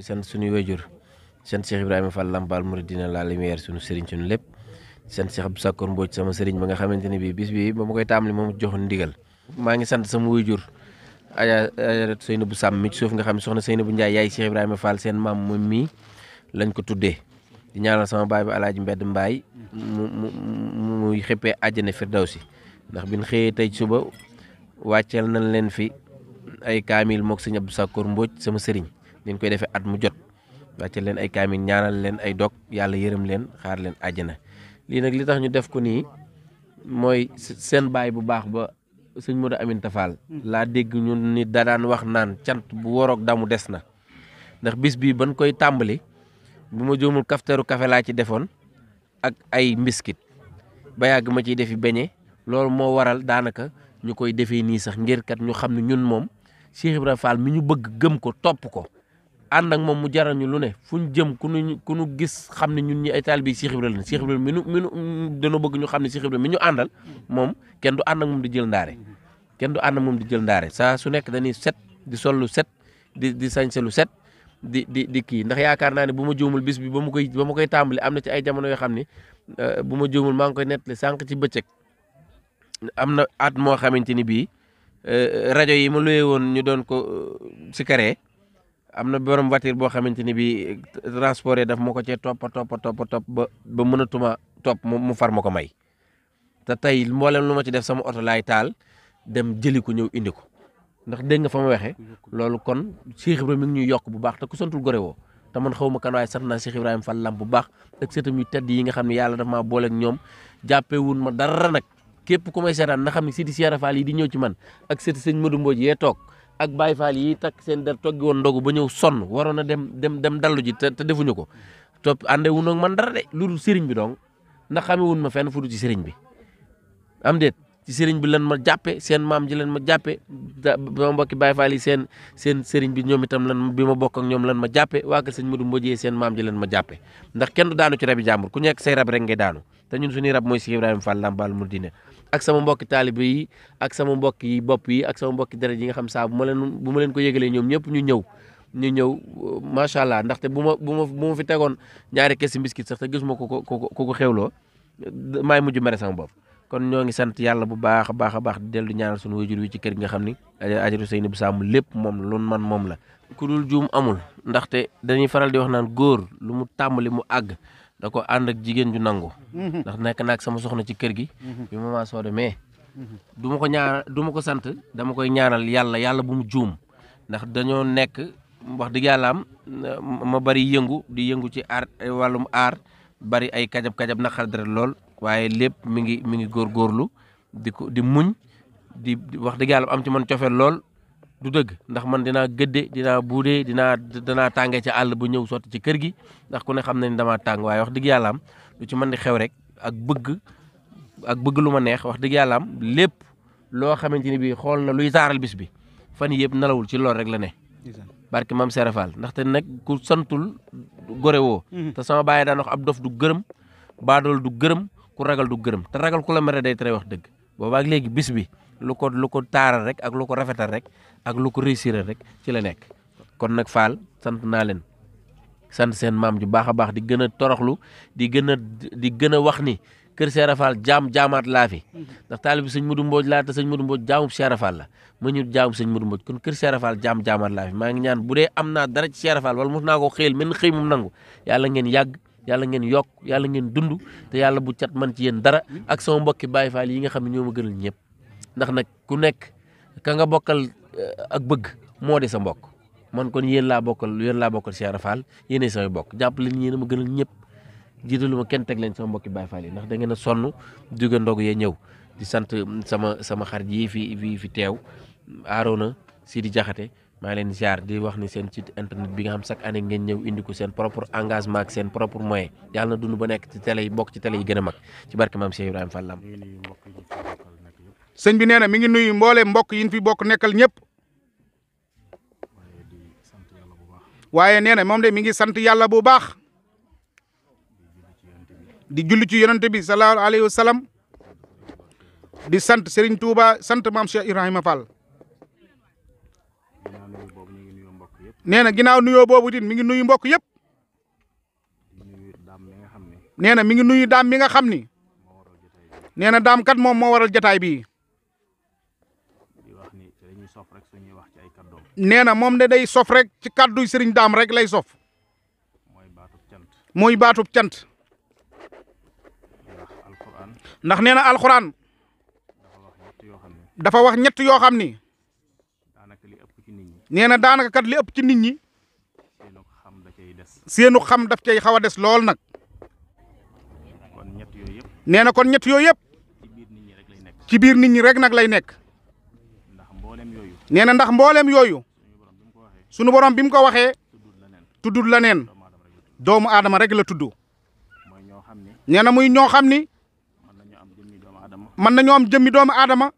di sant suñuy wéjur sant Cheikh Ibrahima Fall Lampal Mouridina la lumière suñu sëriñ suñu lépp sant Cheikh Abdou Sakkoor Mbodj sama sëriñ ba nga xamante ne bii bis bi ba ma koy tàmbali moom joxoon ndigal maa ngi sant sama wéjur Aja Aja Seynabou mi ci suuf nga xam ne soxna Seynabou Ndiaye yaay Cheikh seen maam moom mii lañ ko tuddee di sama baay bi alaaji mbedd mbaay mu mu muy xëppee àjjana ndax biñ tey suba wàcceel nañ leen fi ay kaamil mook sëñ Abdou Sakkoor Mbodj sama sëriñ dañ koy defee at mu jot wàcce leen ay kaamin ñaanal leen ay dog yàlla yërëm leen xaar leen àjjana lii nag li tax ñu def ko nii mooy seen baay bu baax ba sëñ Modou Aminta Fall laa dégg ñu ni da daan wax naan cant bu woroog damu des na ndax bis bii ban koy tàmbali bu ma jóomul kafteeru kafe laa ci defoon ak ay mbiskit ba yàgg ma ciy defi beñe loolu moo waral daanaka ñu koy defee nii sax ngir kat ñu xam ne ñun moom Cheikh Ibrahima Fall mi ñu bëgg gëm ko topp ko ànd ak moom mu jaral ñu lu ne fu ñu jëm ku ñu ku ñu gis xam ne ñun ñi ay taalibe Cheikh Ibrahima la Cheikh Ibrahima mi nu mi nu dañoo bëgg ñu xam ne Cheikh Ibrahima mi ñu àndal moom kenn du ànd ak moom di jël ndaare kenn du ànd moom di jël ndaare saa su nekk dañuy set di sol lu set di di lu set di di di kii ndax yaakaar naa ne bu ma juumul bis bi ba ma koy ba ma koy tàmbali am na ci ay jamono yoo xam ni euh, bu ma juumul maa ngi koy nettali sànq ci bëccëg am na at moo xamante ni bii euh, rajo yi ma luye woon ñu doon ko euh, si karee am na borom voiture boo xamante ni bii eh, transporté daf ma ko cee topp topp topp topp ba ba mënatuma topp mu far ma ko may te tey mboolem lu ma ci def sama oto laay taal dem jëli ko ñëw indi ko ndax dégg nga fa ma waxee loolu kon Cheikh Ibrahima mi ngi ñuy yokk bu baax te ku santul gore woo te man xaw ma kan waaye sant naa Cheikh Ibrahima Fall Lamp bu baax ak sëtam yu tedd yi nga xam ne yàlla daf maa booleeg ñoom jàppewun ma dara nag képp ku may seetaan na xam ne sëti Cheikh yi di ñëw ci man ak sëti sëñ Modou Mbodj yee toog ak Baye Fall yi takk seen der toggi woon ndogu ba ñëw sonn waroon a dem dem dem dallu ji te defuñu ko topp ànde wu man dara de loolu sëriñ bi dong ndax xame wuñ ma fenn fu du ci sëriñ bi am déet ci sëriñ bi lan ma jàppe seen maam ji lan ma jàppe sama mbokki Baye Fall yi seen seen sëriñ bi ñoom itam lan bi ma bokk ak ñoom lan ma jàppe waa kër sëñ Modou Mbodjee seen maam ji lan ma jàppe ndax kenn du ci rabi jàmbur ku nekk say rab rek ngay daanu te ñun suñuy rab mooy si Ibrahima Fall Lambaal Mouridina ak sama mbokki taalibe yi ak sama mbokki bopp yi ak sama mbokki deret yi nga xam saa bu ma leen bu ma leen ko yëgalee ñoom ñëpp ñu ñëw ñu ñëw euh, macha allah ndaxte bu ma bu ma bu fi tegoon ñaari kees si biscuit sax te gisuma ko ko ko ko xewloo maay mujj mere sama bopp. kon ñoo ngi sant yàlla bu baax a baax a baax di dellu ñaanal suñu wajur wi ci kër gi nga xam ni ajatu sëy ni bu saamu lépp moom la man moom la ku dul juum amul ndaxte dañuy faral di wax naan góor lu mu tàmbali mu àgg da ko ànd ak jigéen ju nangu. Mhm. ndax nekk naag sama soxna ci kër gi. Mhm. bi ma maa soode mais. Mhm. du ma ko ñaar du ma ko sant dama koy ñaanal yàlla yàlla bu mu juum ndax dañoo nekk wax dëgg yàlla am ma bari yëngu di yëngu ci aar wàllum aar bari ay kajab kajab naqar dara lool waaye lépp mu ngi mi ngi góor góorlu di ko di muñ di wax dëgg yàlla am ci man cofeel lool du dëgg ndax man dinaa gëdde dinaa buudee dinaa danaa tànge ci àll bu ñëw sotti ci kër gi ndax ku ne xam na ni damaa tàng waaye wax dëgg yàlla am lu ci man di xew rek ak bëgg ak bëgg lu ma neex wax dëgg yàlla am lépp loo xamante ni bii xool na luy saaral bis bi fan yëpp nalawul ci lool rek la ne. barke maam ndax te nag ku santul gore woo. Mhm. te sama bàyyi daan wax ab dof du gërëm dool du gërëm ku ragal du gërëm te ragal ku la mere day tere wax dëgg boobaag léegi bi. lu ko lu ko taaral rek ak lu ko rafetal rek ak lu ko réussir rek ci la nekk kon nag Fall sant naa leen sant seen maam ju baax a baax di gën a toroxlu di gën a di gën a wax ni kër Cheikh Fall jaam jaamaat laa fi ndax taalib bi sëñ Modou Mbodj laa te sëñ Modou Mbodj jaamub Cheikh Fall la ma ñu jaamub sëñ Modou Mbodj kon kër Cheikh Fall jaam jaamaat laa fi maa ngi ñaan bu dee am naa dara ci Cheikh Fall wala mos naa ko xëyal mel xëy mum nangu yàlla ngeen yàgg yàlla ngeen yokk yàlla ngeen dund te yàlla bu cat man ci yéen dara ak sama mbokki Baye Fall yi nga xam ne ñoo ma gënal ñëpp ndax nag ku nekk ka nga bokkal eh, ak bëgg moo de sa mbokk man kon yéen laa bokkal yéen laa bokkal Cheikh Rafal yéenay samay bokk jàpp leen yéen a ma gënal ñëpp jiitalu ma kenn teg leen sama mbokki Baye Fall yi ndax da ngeen a sonn jóge ndog yee ñëw di sant sama sama xarit yi fi fi fi teew Arona Sidi Diakhaté maa leen ziar di wax ni seen site internet bi nga xam chaque année ngeen ñëw indi ko seen propre engagement ak na dund ba nekk ci télé yi bokk ci télé yi gën a mag ci barke maam Cheikh Ibrahima Fall sëñ bi nee na mi ngi nuyu mboole mbokk yi ñu fi bokk nekkal ñëpp waaye nee na moom de mi ngi sant yàlla bu baax di julli ci yonante bi sallallahu alayhi wa sallam di sant Serigne Touba sant maam Cheikh Ibrahima Fall nee na ginnaaw nuyoo boobu it mi ngi nuyu mbokk yëpp nee na mi ngi nuyu daam mi nga xam ni nee na daam kat moom moo waral jataay bii nee na moom de day sof rek ci kadduy sëriñ daam rek lay sof mooy baatub cant ndax nee na alxuraan dafa wax ñett yoo xam ni nee daanaka kat li ëpp ci nit ñi seenu xam daf cay xaw a des lool nag nee na kon ñett yooyu yëpp ci biir nit ñi rek nag lay nekk. nee na ndax mbooleem yooyu sunu borom bi mu ko waxee tuddut la neen doomu aadama rek la tudd nee na muy ñoo xam ni mën nañoo am jëmmi doomu aadama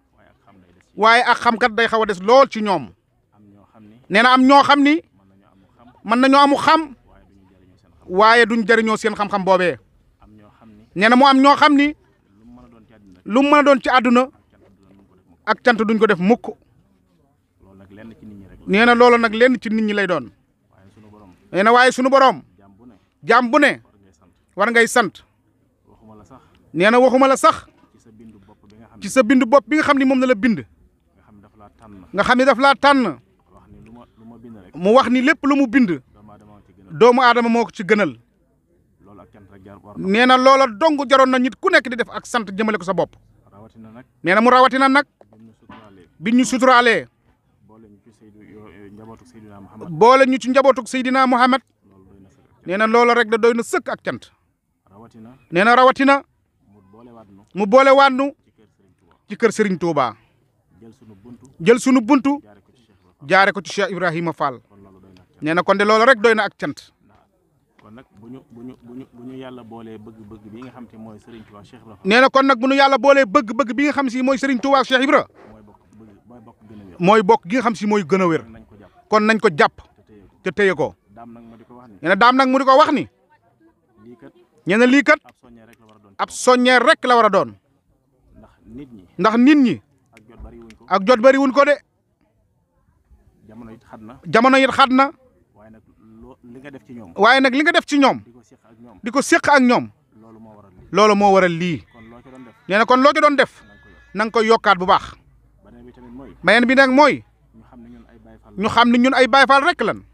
waaye ak xamkat day xaw a des lool ci ñoom nee na am ñoo xam ni mën nañoo amu xam waaye duñ jëriñoo seen xam-xam boobee nee na mu am ñoo xam ni lu mu mën a doon ci àdduna ak cant duñ ko def mukk nee na loolu nag lenn ci nit ñi lay doon nee na waaye sunu borom jaam bu ne war ngay sant nee na waxuma la sax ci sa bindu bopp bi nga xam ne moom na la bind nga xam ne daf laa tànn mu wax ni lépp lu mu bind doomu aadama moo ko ci gënal nee na loola dong jaroon na ñit ku nekk di def ak sant jëmale ko sa bopp nee na mu rawatina nag bi ñu suturaalee boole ñu ci njabootug Seydina Muhammad nee na loolu rek da doy na sëkk ak cant nee na rawatina mu boole waatnu ci kër Serigne Touba jël sunu buntu jaare ko ci Cheikh Ibrahima Fall nee na kon de loolu rek doy na ak cant. kon nag bu ñu bu ñu bu ñu yàlla boolee bëgg-bëgg bi nga xam te mooy Serigne Touba Cheikh Ibra. nee na kon nag bu ñu yàlla boolee bëgg-bëgg bi nga xam si mooy Serigne Touba Cheikh Ibra. mooy bokk gi nga xam si mooy gën a kon nañ ko jàpp te teye ko nee na daam nag mu di ko wax ni nee na lii kat ab soññee rek la war a doon ndax nit ñi ak jot bari wuñ ko de jamono it xat na waaye nag li nga def ci ñoom di ko séq ak ñoom loolu moo waral lii nee na kon loo ci doon def na nga koy yokkaat bu baax beneen bi nag mooy. ñu xam ne ñun ay Baye Fall rek lan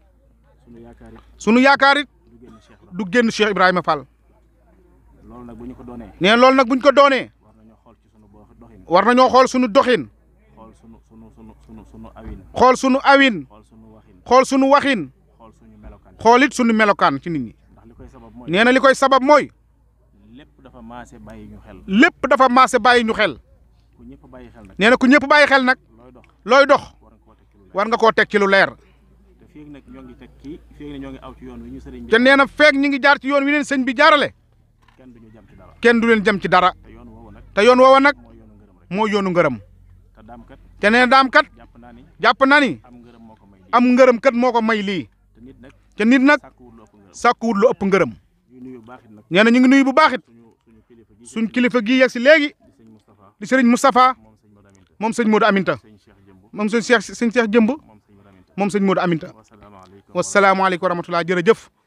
sunu yaakaar it du génn Cheikh Ibrahima Fall nee loolu nag bu ñu ko doonee war nañoo xool sunu doxin xool sunu awin xool sunu waxin xool it sunu melokaan ci nit ñi nee na li koy sabab mooy lépp dafa maase bàyyi ñu xel lépp dafa maase bàyyi ñu xel nee na ku ñëpp bàyyi xel nag looy dox. war nga ko teg ci lu leer. te nee na feeg ñu ngi jaar ci yoon wi leen sëñ bi jaarale. kenn du leen jëm ci dara. te yoon woowa nag moo yoonu ngërëm. te nee na daam kat jàpp naa ni am ngërëm kat moo ko may lii. te nit nag sàkkuwut lu ëpp ngërëm. nee na ñu ngi nuyu bu baax it suñ kilifa gii yegg si léegi di sëriñ Moustapha moom sëñ Modou Aminta. moom sëñ Cheikh sëñ Cheikh jëmb moom sëñ Modou Aminta wasalaamaaleykum wa rahmatulah jërëjëf